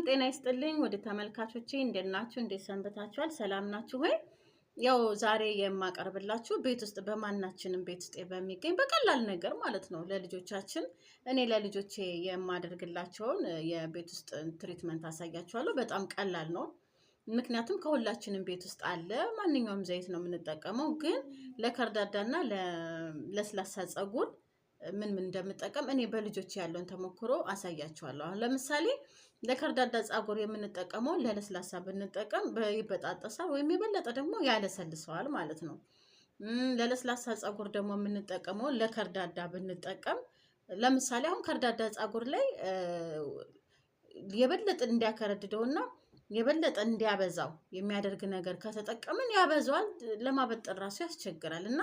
ሰላም ጤና ይስጥልኝ ወደ ተመልካቾቼ፣ እንዴት ናችሁ? እንዴት ሰንብታችኋል ሰላም ናችሁ ወይ? ያው ዛሬ የማቀርብላችሁ ቤት ውስጥ በማናችንም ቤት ውስጥ በሚገኝ በቀላል ነገር ማለት ነው ለልጆቻችን እኔ ለልጆቼ የማደርግላቸውን የቤት ውስጥ ትሪትመንት አሳያችኋለሁ። በጣም ቀላል ነው፣ ምክንያቱም ከሁላችንም ቤት ውስጥ አለ። ማንኛውም ዘይት ነው የምንጠቀመው፣ ግን ለከርዳዳና ለስላሳ ጸጉር ምን ምን እንደምጠቀም እኔ በልጆች ያለውን ተሞክሮ አሳያቸዋለሁ። አሁን ለምሳሌ ለከርዳዳ ጸጉር የምንጠቀመው ለለስላሳ ብንጠቀም ይበጣጠሳል ወይም የበለጠ ደግሞ ያለሰልሰዋል ማለት ነው። ለለስላሳ ጸጉር ደግሞ የምንጠቀመው ለከርዳዳ ብንጠቀም ለምሳሌ አሁን ከርዳዳ ጸጉር ላይ የበለጠ እንዲያከረድደውና የበለጠ እንዲያበዛው የሚያደርግ ነገር ከተጠቀምን ያበዛዋል፣ ለማበጠር ራሱ ያስቸግራል እና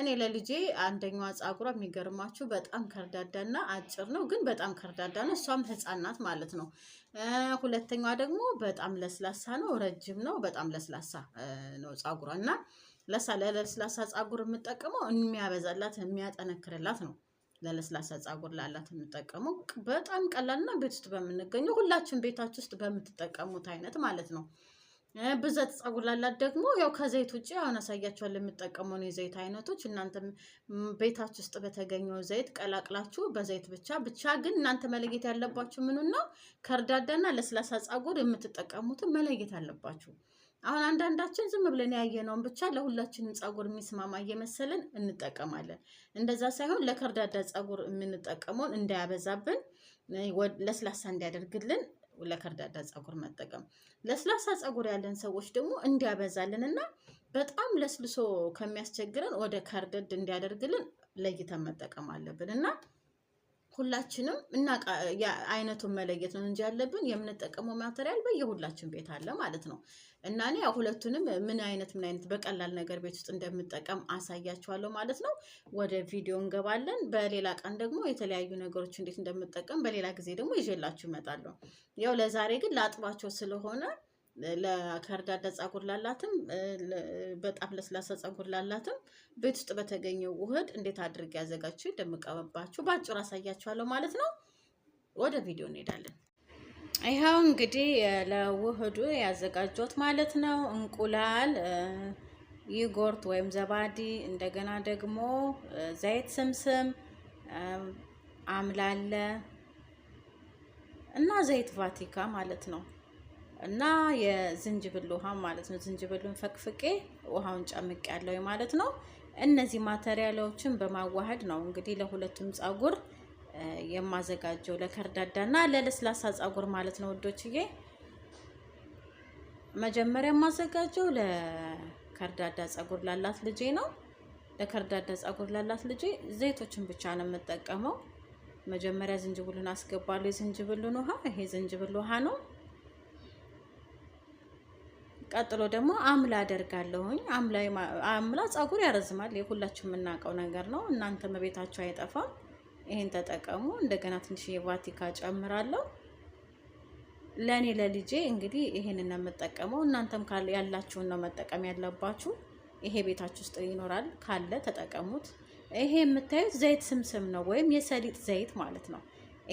እኔ ለልጄ አንደኛዋ ጸጉሯ የሚገርማችሁ በጣም ከርዳዳና አጭር ነው፣ ግን በጣም ከርዳዳ ነው። እሷም ህፃን ናት ማለት ነው። ሁለተኛዋ ደግሞ በጣም ለስላሳ ነው፣ ረጅም ነው፣ በጣም ለስላሳ ነው ጸጉሯ እና ለሳ ለለስላሳ ጸጉር የምጠቀመው የሚያበዛላት የሚያጠነክርላት ነው። ለለስላሳ ጸጉር ላላት የምጠቀመው በጣም ቀላልና ቤት ውስጥ በምንገኘው ሁላችን ቤታችሁ ውስጥ በምትጠቀሙት አይነት ማለት ነው። ብዛት ጸጉር ላላት ደግሞ ያው ከዘይት ውጭ አሁን አሳያቸዋለሁ የምጠቀመውን የዘይት አይነቶች እናንተ ቤታችሁ ውስጥ በተገኘው ዘይት ቀላቅላችሁ በዘይት ብቻ ብቻ። ግን እናንተ መለየት ያለባችሁ ምኑ ነው፣ ከርዳዳና ለስላሳ ጸጉር የምትጠቀሙትን መለየት አለባችሁ። አሁን አንዳንዳችን ዝም ብለን ያየነውን ብቻ ለሁላችንም ጸጉር የሚስማማ እየመሰለን እንጠቀማለን። እንደዛ ሳይሆን ለከርዳዳ ጸጉር የምንጠቀመውን እንዳያበዛብን ለስላሳ እንዲያደርግልን ለከርዳዳ ፀጉር መጠቀም። ለስላሳ ፀጉር ያለን ሰዎች ደግሞ እንዲያበዛልን እና በጣም ለስልሶ ከሚያስቸግረን ወደ ከርደድ እንዲያደርግልን ለይተን መጠቀም አለብን እና ሁላችንም እና አይነቱን መለየት ነው እንጂ ያለብን የምንጠቀመው ማቴሪያል በየሁላችን ቤት አለ ማለት ነው። እና እኔ ሁለቱንም ምን አይነት ምን አይነት በቀላል ነገር ቤት ውስጥ እንደምጠቀም አሳያችኋለሁ ማለት ነው። ወደ ቪዲዮ እንገባለን። በሌላ ቀን ደግሞ የተለያዩ ነገሮች እንዴት እንደምጠቀም በሌላ ጊዜ ደግሞ ይዤላችሁ እመጣለሁ። ያው ለዛሬ ግን ላጥባቸው ስለሆነ ለከርዳዳ ጸጉር ላላትም በጣም ለስላሳ ጸጉር ላላትም ቤት ውስጥ በተገኘው ውህድ እንዴት አድርጌ ያዘጋችሁ እንደምቀበባችሁ በአጭሩ አሳያችኋለሁ ማለት ነው። ወደ ቪዲዮ እንሄዳለን። ይኸው እንግዲህ ለውህዱ ያዘጋጆት ማለት ነው። እንቁላል፣ ይጎርት ወይም ዘባዲ፣ እንደገና ደግሞ ዘይት ስምስም፣ አምላለ እና ዘይት ቫቲካ ማለት ነው። እና የዝንጅብል ውሃ ማለት ነው። ዝንጅብሉን ፈቅፍቄ ውሃውን ጨምቅ ያለው ማለት ነው። እነዚህ ማተሪያሎችን በማዋሀድ ነው እንግዲህ ለሁለቱም ጸጉር የማዘጋጀው ለከርዳዳ እና ለለስላሳ ጸጉር ማለት ነው ውዶችዬ። መጀመሪያ የማዘጋጀው ለከርዳዳ ጸጉር ላላት ልጄ ነው። ለከርዳዳ ጸጉር ላላት ልጄ ዘይቶችን ብቻ ነው የምጠቀመው። መጀመሪያ ዝንጅብሉን አስገባለሁ። የዝንጅብሉን ውሃ ይሄ ዝንጅብል ውሃ ነው። ቀጥሎ ደግሞ አምላ አደርጋለሁኝ። አምላ ጸጉር ያረዝማል፣ ሁላችሁ የምናውቀው ነገር ነው። እናንተ መቤታችሁ አይጠፋም። ይህን ተጠቀሙ። እንደገና ትንሽ የቫቲካ ጨምራለሁ። ለእኔ ለልጄ እንግዲህ ይህን ነው የምጠቀመው። እናንተም ያላችሁን ነው መጠቀም ያለባችሁ። ይሄ ቤታችሁ ውስጥ ይኖራል ካለ ተጠቀሙት። ይሄ የምታዩት ዘይት ስምስም ነው ወይም የሰሊጥ ዘይት ማለት ነው።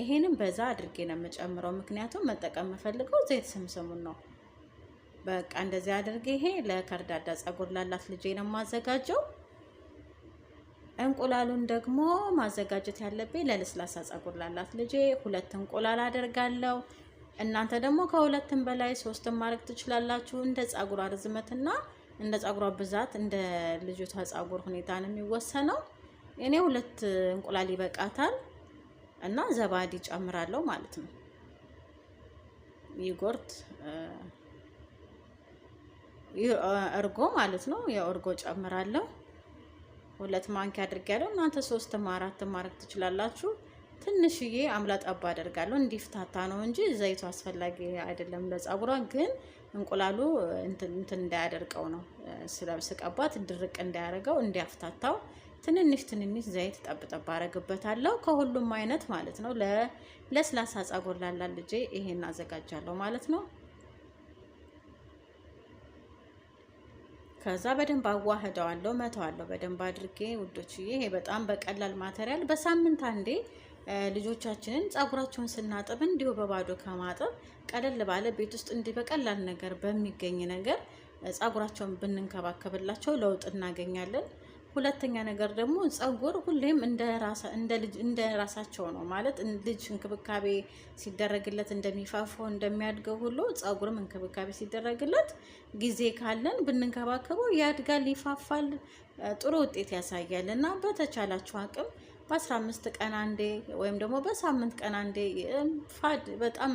ይሄንም በዛ አድርጌ ነው የምጨምረው፣ ምክንያቱም መጠቀም የምፈልገው ዘይት ስምስሙን ነው። በቃ እንደዚህ አድርጌ ይሄ ለከርዳዳ ጸጉር ላላት ልጄ ነው የማዘጋጀው። እንቁላሉን ደግሞ ማዘጋጀት ያለብኝ ለለስላሳ ጸጉር ላላት ልጄ ሁለት እንቁላል አደርጋለሁ። እናንተ ደግሞ ከሁለትም በላይ ሶስትም ማድረግ ትችላላችሁ። እንደ ጸጉሯ ርዝመትና እንደ ጸጉሯ ብዛት እንደ ልጅቷ ጸጉር ሁኔታ ነው የሚወሰነው። እኔ ሁለት እንቁላል ይበቃታል እና ዘባዲ ጨምራለሁ ማለት ነው። ይጎርት እርጎ ማለት ነው። የእርጎ እርጎ ጨምራለሁ። ሁለት ማንኪያ አድርጊያለሁ። እናንተ ሶስትም አራትም ማድረግ ትችላላችሁ። ትንሽዬ አምላ አደርጋለሁ። እንዲፍታታ ነው እንጂ ዘይቱ አስፈላጊ አይደለም ለጸጉሯ። ግን እንቁላሉ እንትን እንዳያደርቀው ነው ስቀባት፣ ድርቅ እንዳያደርገው እንዲያፍታታው ትንንሽ ትንንሽ ዘይት ጠብጠብ አደርግበታለሁ። ከሁሉም አይነት ማለት ነው። ለስላሳ ጸጉር ላላ ልጄ ይሄን አዘጋጃለሁ ማለት ነው። ከዛ በደንብ አዋህደዋለሁ መተዋለሁ በደንብ አድርጌ ውዶችዬ። ይሄ በጣም በቀላል ማቴሪያል በሳምንት አንዴ ልጆቻችንን ጸጉራቸውን ስናጥብ እንዲሁ በባዶ ከማጥብ ቀለል ባለ ቤት ውስጥ እንዲህ በቀላል ነገር በሚገኝ ነገር ጸጉራቸውን ብንንከባከብላቸው ለውጥ እናገኛለን። ሁለተኛ ነገር ደግሞ ጸጉር ሁሌም እንደ ራሳቸው ነው ማለት ልጅ እንክብካቤ ሲደረግለት እንደሚፋፋው እንደሚያድገው ሁሉ ጸጉርም እንክብካቤ ሲደረግለት ጊዜ ካለን ብንንከባከበው ያድጋል፣ ይፋፋል፣ ጥሩ ውጤት ያሳያል እና በተቻላችሁ አቅም በ15 ቀን አንዴ ወይም ደግሞ በሳምንት ቀን አንዴ ፋድ በጣም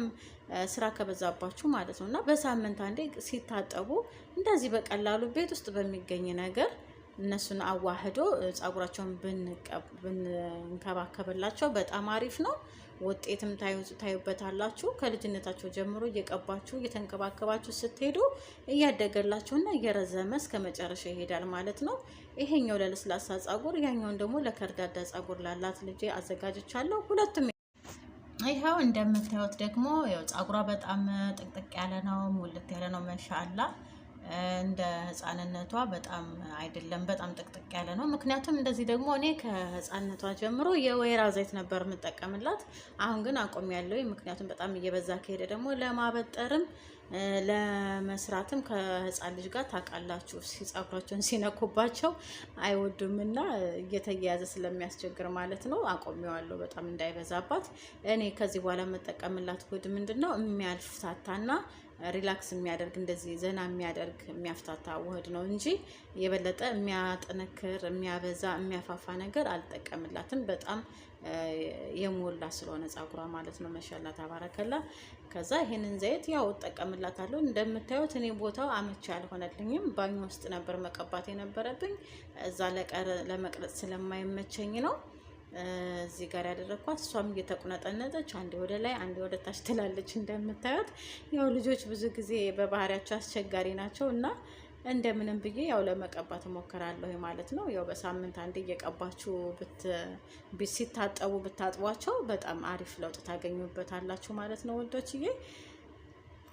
ስራ ከበዛባችሁ ማለት ነው እና በሳምንት አንዴ ሲታጠቡ እንደዚህ በቀላሉ ቤት ውስጥ በሚገኝ ነገር እነሱን አዋህዶ ጸጉራቸውን ብንከባከብላቸው በጣም አሪፍ ነው። ውጤትም ታዩበታላችሁ። ከልጅነታቸው ጀምሮ እየቀባችሁ እየተንከባከባችሁ ስትሄዱ እያደገላችሁና እየረዘመ እስከ መጨረሻ ይሄዳል ማለት ነው። ይሄኛው ለለስላሳ ጸጉር፣ ያኛውን ደግሞ ለከርዳዳ ጸጉር ላላት ልጄ አዘጋጅቻለሁ። ሁለቱም ይኸው እንደምታዩት ደግሞ ጸጉሯ በጣም ጥቅጥቅ ያለ ነው፣ ሙልት ያለ ነው። መሻላ እንደ ህፃንነቷ በጣም አይደለም፣ በጣም ጥቅጥቅ ያለ ነው። ምክንያቱም እንደዚህ ደግሞ እኔ ከህፃንነቷ ጀምሮ የወይራ ዘይት ነበር የምጠቀምላት። አሁን ግን ያለው ምክንያቱም በጣም እየበዛ ከሄደ ደግሞ ለማበጠርም ለመስራትም ከህፃን ልጅ ጋር ታውቃላችሁ፣ ሲጸጉራቸውን ሲነኩባቸው አይወዱም እና እየተያያዘ ስለሚያስቸግር ማለት ነው አቆሚዋለሁ፣ በጣም እንዳይበዛባት። እኔ ከዚህ በኋላ የምጠቀምላት ጉድ ምንድን ነው የሚያልፍ ሳታና ሪላክስ የሚያደርግ እንደዚህ ዘና የሚያደርግ የሚያፍታታ ውህድ ነው እንጂ የበለጠ የሚያጠነክር የሚያበዛ የሚያፋፋ ነገር አልጠቀምላትም። በጣም የሞላ ስለሆነ ጸጉሯ ማለት ነው። መሻላ ታባረከላ። ከዛ ይህንን ዘይት ያው እጠቀምላታለሁ። እንደምታዩት እኔ ቦታው አመቻ አልሆነልኝም። ባኝ ውስጥ ነበር መቀባት የነበረብኝ። እዛ ለመቅረጽ ስለማይመቸኝ ነው። እዚህ ጋር ያደረግኳት እሷም እየተቁነጠነጠች አንዴ ወደ ላይ አንዴ ወደ ታች ትላለች። እንደምታዩት ያው ልጆች ብዙ ጊዜ በባህሪያቸው አስቸጋሪ ናቸው እና እንደምንም ብዬ ያው ለመቀባት እሞክራለሁ ማለት ነው። ያው በሳምንት አንዴ እየቀባችሁ ሲታጠቡ ብታጥቧቸው በጣም አሪፍ ለውጥ ታገኙበታላችሁ ማለት ነው ወዶችዬ።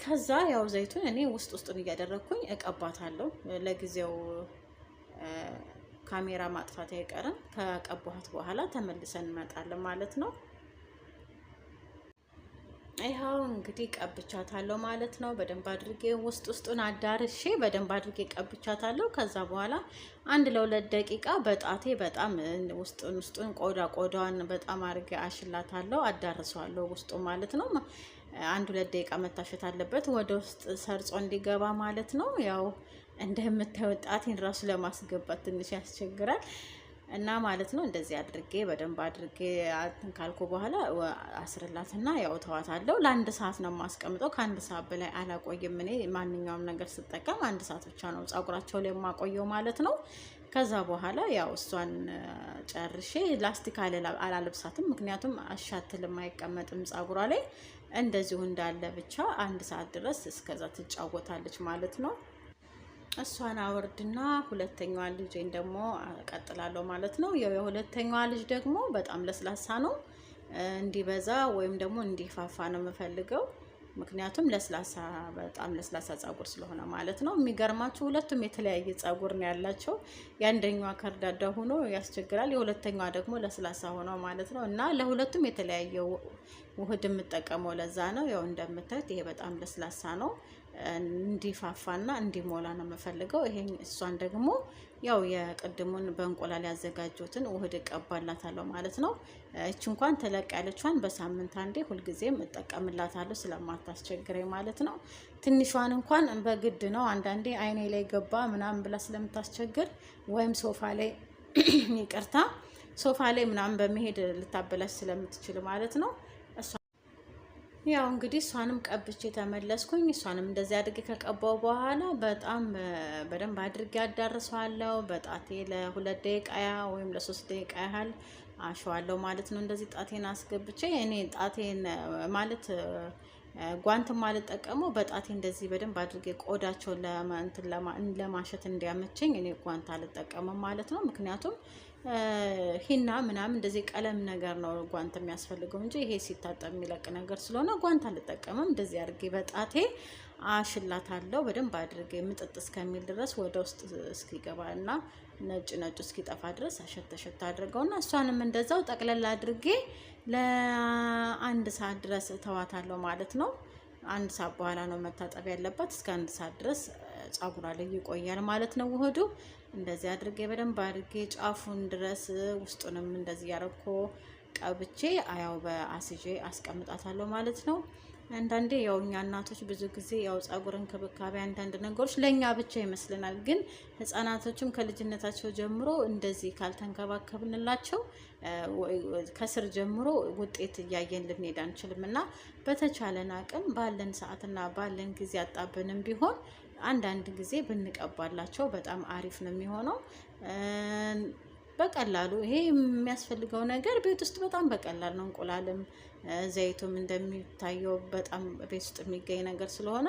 ከዛ ያው ዘይቱን እኔ ውስጥ ውስጡን እያደረግኩኝ እቀባታለሁ ለጊዜው ካሜራ ማጥፋት አይቀርም። ከቀባኋት በኋላ ተመልሰን እንመጣለን ማለት ነው። ይኸው እንግዲህ ቀብቻታለሁ ማለት ነው። በደንብ አድርጌ ውስጥ ውስጡን አዳርሼ በደንብ አድርጌ ቀብቻታለሁ። ከዛ በኋላ አንድ ለሁለት ደቂቃ በጣቴ በጣም ውስጡን ውስጡን ቆዳ ቆዳዋን በጣም አድርጌ አሽላታለሁ፣ አዳርሰዋለሁ ውስጡ ማለት ነው። አንድ ሁለት ደቂቃ መታሸት አለበት ወደ ውስጥ ሰርጾ እንዲገባ ማለት ነው ያው እንደምታዩት ጣቴን ራሱ ለማስገባት ትንሽ ያስቸግራል እና ማለት ነው። እንደዚህ አድርጌ በደንብ አድርጌ እንትን ካልኩ በኋላ አስርላትና ያው ተዋታለሁ። ለአንድ ሰዓት ነው የማስቀምጠው። ከአንድ ሰዓት በላይ አላቆይም። እኔ ማንኛውም ነገር ስጠቀም አንድ ሰዓት ብቻ ነው ጸጉራቸው ላይ የማቆየው ማለት ነው። ከዛ በኋላ ያው እሷን ጨርሼ ላስቲክ አላለብሳትም፣ ምክንያቱም አሻትልም አይቀመጥም ጸጉሯ ላይ እንደዚሁ እንዳለ ብቻ አንድ ሰዓት ድረስ እስከዛ ትጫወታለች ማለት ነው። እሷን አወርድና ሁለተኛዋ ልጅን ደግሞ ቀጥላለሁ ማለት ነው። ያው የሁለተኛዋ ልጅ ደግሞ በጣም ለስላሳ ነው፣ እንዲበዛ ወይም ደግሞ እንዲፋፋ ነው የምፈልገው። ምክንያቱም ለስላሳ በጣም ለስላሳ ጸጉር ስለሆነ ማለት ነው። የሚገርማችሁ ሁለቱም የተለያየ ጸጉር ነው ያላቸው። የአንደኛዋ ከርዳዳ ሆኖ ያስቸግራል፣ የሁለተኛዋ ደግሞ ለስላሳ ሆኖ ማለት ነው። እና ለሁለቱም የተለያየ ውህድ የምጠቀመው ለዛ ነው። ያው እንደምታዩት ይሄ በጣም ለስላሳ ነው። እንዲፋፋና እንዲሞላ ነው የምፈልገው። ይሄ እሷን ደግሞ ያው የቅድሙን በእንቁላል ያዘጋጁትን ውህድ እቀባላታለሁ ማለት ነው። እች እንኳን ተለቅ ያለችን በሳምንት አንዴ ሁልጊዜም እጠቀምላታለሁ ስለማታስቸግረኝ ማለት ነው። ትንሿን እንኳን በግድ ነው አንዳንዴ አይኔ ላይ ገባ ምናምን ብላ ስለምታስቸግር ወይም ሶፋ ላይ ይቅርታ ሶፋ ላይ ምናምን በመሄድ ልታበላሽ ስለምትችል ማለት ነው። ያው እንግዲህ እሷንም ቀብቼ ተመለስኩኝ። እሷንም እንደዚህ አድርጌ ከቀባው በኋላ በጣም በደንብ አድርጌ አዳርሰዋለሁ። በጣቴ ለሁለት ደቂቃ ወይም ለሶስት ደቂቃ ያህል አሸዋለሁ ማለት ነው። እንደዚህ ጣቴን አስገብቼ እኔ ጣቴን ማለት ጓንት ማልጠቀመው በጣቴ እንደዚህ በደንብ አድርጌ ቆዳቸውን ለማሸት እንዲያመቸኝ እኔ ጓንት አልጠቀመም ማለት ነው። ምክንያቱም ሂና ምናምን እንደዚህ ቀለም ነገር ነው ጓንት የሚያስፈልገው እንጂ ይሄ ሲታጠብ የሚለቅ ነገር ስለሆነ ጓንት አልጠቀምም። እንደዚህ አድርጌ በጣቴ አሽላታለሁ በደንብ አድርጌ ምጥጥ እስከሚል ድረስ ወደ ውስጥ እስኪገባ እና ነጭ ነጩ እስኪጠፋ ድረስ አሸት አድርገው እና እሷንም እንደዛው ጠቅለላ አድርጌ ለአንድ ሰዓት ድረስ እተዋታለሁ ማለት ነው። አንድ ሰዓት በኋላ ነው መታጠብ ያለባት። እስከ አንድ ሰዓት ድረስ ጸጉሯ ላይ ይቆያል ማለት ነው ውህዱ። እንደዚህ አድርጌ በደንብ አድርጌ ጫፉን ድረስ ውስጡንም እንደዚህ ያረኮ ቀብቼ አያው በአስዤ አስቀምጣታለሁ ማለት ነው። አንዳንዴ ያው እኛ እናቶች ብዙ ጊዜ ያው ጸጉር እንክብካቤ አንዳንድ ነገሮች ለእኛ ብቻ ይመስልናል። ግን ህጻናቶችም ከልጅነታቸው ጀምሮ እንደዚህ ካልተንከባከብንላቸው ከስር ጀምሮ ውጤት እያየን ልንሄድ አንችልም እና በተቻለን አቅም ባለን ሰዓትና ባለን ጊዜ አጣብንም ቢሆን አንዳንድ ጊዜ ብንቀባላቸው በጣም አሪፍ ነው የሚሆነው። በቀላሉ ይሄ የሚያስፈልገው ነገር ቤት ውስጥ በጣም በቀላል ነው። እንቁላልም ዘይቱም እንደሚታየው በጣም ቤት ውስጥ የሚገኝ ነገር ስለሆነ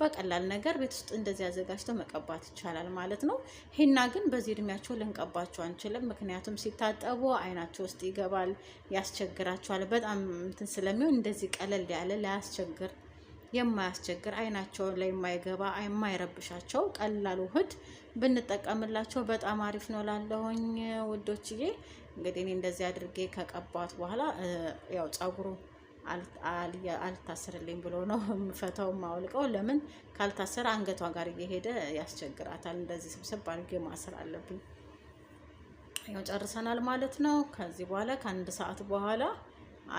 በቀላል ነገር ቤት ውስጥ እንደዚህ አዘጋጅተው መቀባት ይቻላል ማለት ነው። ሂና ግን በዚህ እድሜያቸው ልንቀባቸው አንችልም። ምክንያቱም ሲታጠቡ አይናቸው ውስጥ ይገባል፣ ያስቸግራቸዋል። በጣም እንትን ስለሚሆን እንደዚህ ቀለል ያለ ላያስቸግር የማያስቸግር አይናቸውን ላይ የማይገባ የማይረብሻቸው ቀላል ውህድ ብንጠቀምላቸው በጣም አሪፍ ነው። ላለሁኝ ውዶችዬ እንግዲህ እኔ እንደዚህ አድርጌ ከቀባት በኋላ ያው ጸጉሩ አልታስርልኝ ብሎ ነው የምፈተው የማወልቀው። ለምን ካልታሰረ አንገቷ ጋር እየሄደ ያስቸግራታል። እንደዚህ ስብስብ አድርጌ ማሰር አለብኝ። ያው ጨርሰናል ማለት ነው። ከዚህ በኋላ ከአንድ ሰዓት በኋላ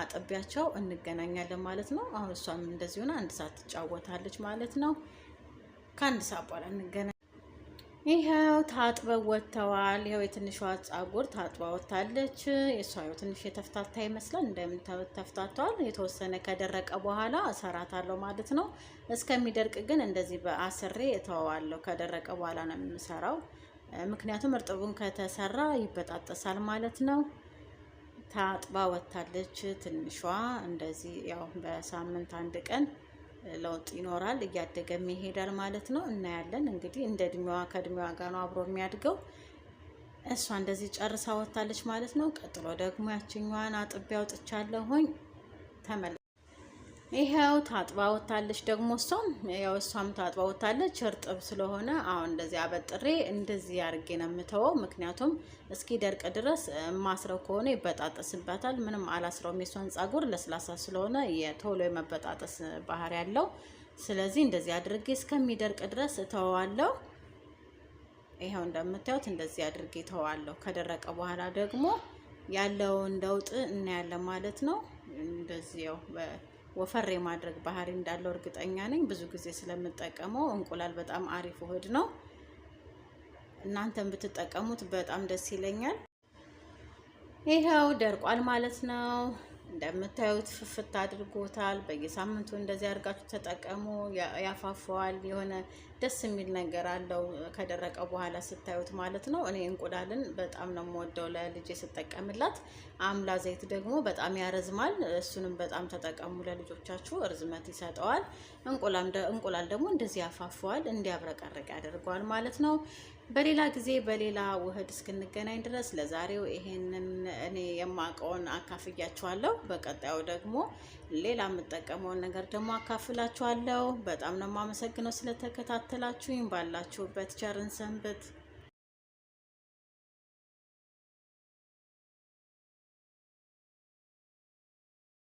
አጥቢያቸው እንገናኛለን ማለት ነው። አሁን እሷም እንደዚህ ሆና አንድ ሰዓት ትጫወታለች ማለት ነው። ከአንድ ሰዓት በኋላ እንገናኝ። ይኸው ታጥበው ወጥተዋል። ይኸው የትንሿ ጸጉር ታጥባ ወጥታለች። የእሷ ይኸው ትንሽ የተፍታታ ይመስላል። እንደምተፍታቷል የተወሰነ ከደረቀ በኋላ እሰራታለሁ ማለት ነው። እስከሚደርቅ ግን እንደዚህ በአስሬ እተወዋለሁ። ከደረቀ በኋላ ነው የምሰራው። ምክንያቱም እርጥቡን ከተሰራ ይበጣጠሳል ማለት ነው። ታጥባ ወታለች ትንሿ እንደዚህ ያው በሳምንት አንድ ቀን ለውጥ ይኖራል። እያደገም ይሄዳል ማለት ነው። እናያለን እንግዲህ እንደ እድሜዋ ከእድሜዋ ጋር ነው አብሮ የሚያድገው። እሷ እንደዚህ ጨርሳ ወታለች ማለት ነው። ቀጥሎ ደግሞ ያችኛዋን አጥቢያ አውጥቻለሁኝ ተመለ ይሄው ታጥባ ወታለች። ደግሞ እሷም ያው እሷም ታጥባ ወታለች። እርጥብ ስለሆነ አሁን እንደዚህ አበጥሬ እንደዚህ አድርጌ ነው የምተወው። ምክንያቱም እስኪ ደርቅ ድረስ ማስረው ከሆነ ይበጣጠስበታል። ምንም አላስረውም። የሷን ጸጉር ለስላሳ ስለሆነ የቶሎ የመበጣጠስ ባህሪ ያለው ስለዚህ እንደዚህ አድርጌ እስከሚደርቅ ድረስ እተዋለሁ። ይኸው እንደምታዩት እንደዚህ አድርጌ እተዋለሁ። ከደረቀ በኋላ ደግሞ ያለውን ለውጥ እናያለን ማለት ነው። እንደዚህ ያው ወፈር የማድረግ ባህሪ እንዳለው እርግጠኛ ነኝ። ብዙ ጊዜ ስለምጠቀመው እንቁላል በጣም አሪፍ ውህድ ነው። እናንተም ብትጠቀሙት በጣም ደስ ይለኛል። ይኸው ደርቋል ማለት ነው። እንደምታዩት ፍፍት አድርጎታል። በየሳምንቱ እንደዚህ አድርጋችሁ ተጠቀሙ። ያፋፈዋል የሆነ ደስ የሚል ነገር አለው ከደረቀ በኋላ ስታዩት ማለት ነው። እኔ እንቁላልን በጣም ነው የምወደው ለልጄ ስጠቀምላት። አምላ ዘይት ደግሞ በጣም ያረዝማል። እሱንም በጣም ተጠቀሙ ለልጆቻችሁ፣ እርዝመት ይሰጠዋል። እንቁላል ደግሞ እንደዚህ ያፋፈዋል፣ እንዲያብረቀርቅ ያደርገዋል ማለት ነው። በሌላ ጊዜ በሌላ ውህድ እስክንገናኝ ድረስ ለዛሬው ይሄንን እኔ የማውቀውን አካፍያችኋለሁ። በቀጣዩ ደግሞ ሌላ የምጠቀመውን ነገር ደግሞ አካፍላችኋለሁ። በጣም ነው የማመሰግነው ስለተከታተላችሁኝ። ባላችሁበት ቸርን ሰንብት።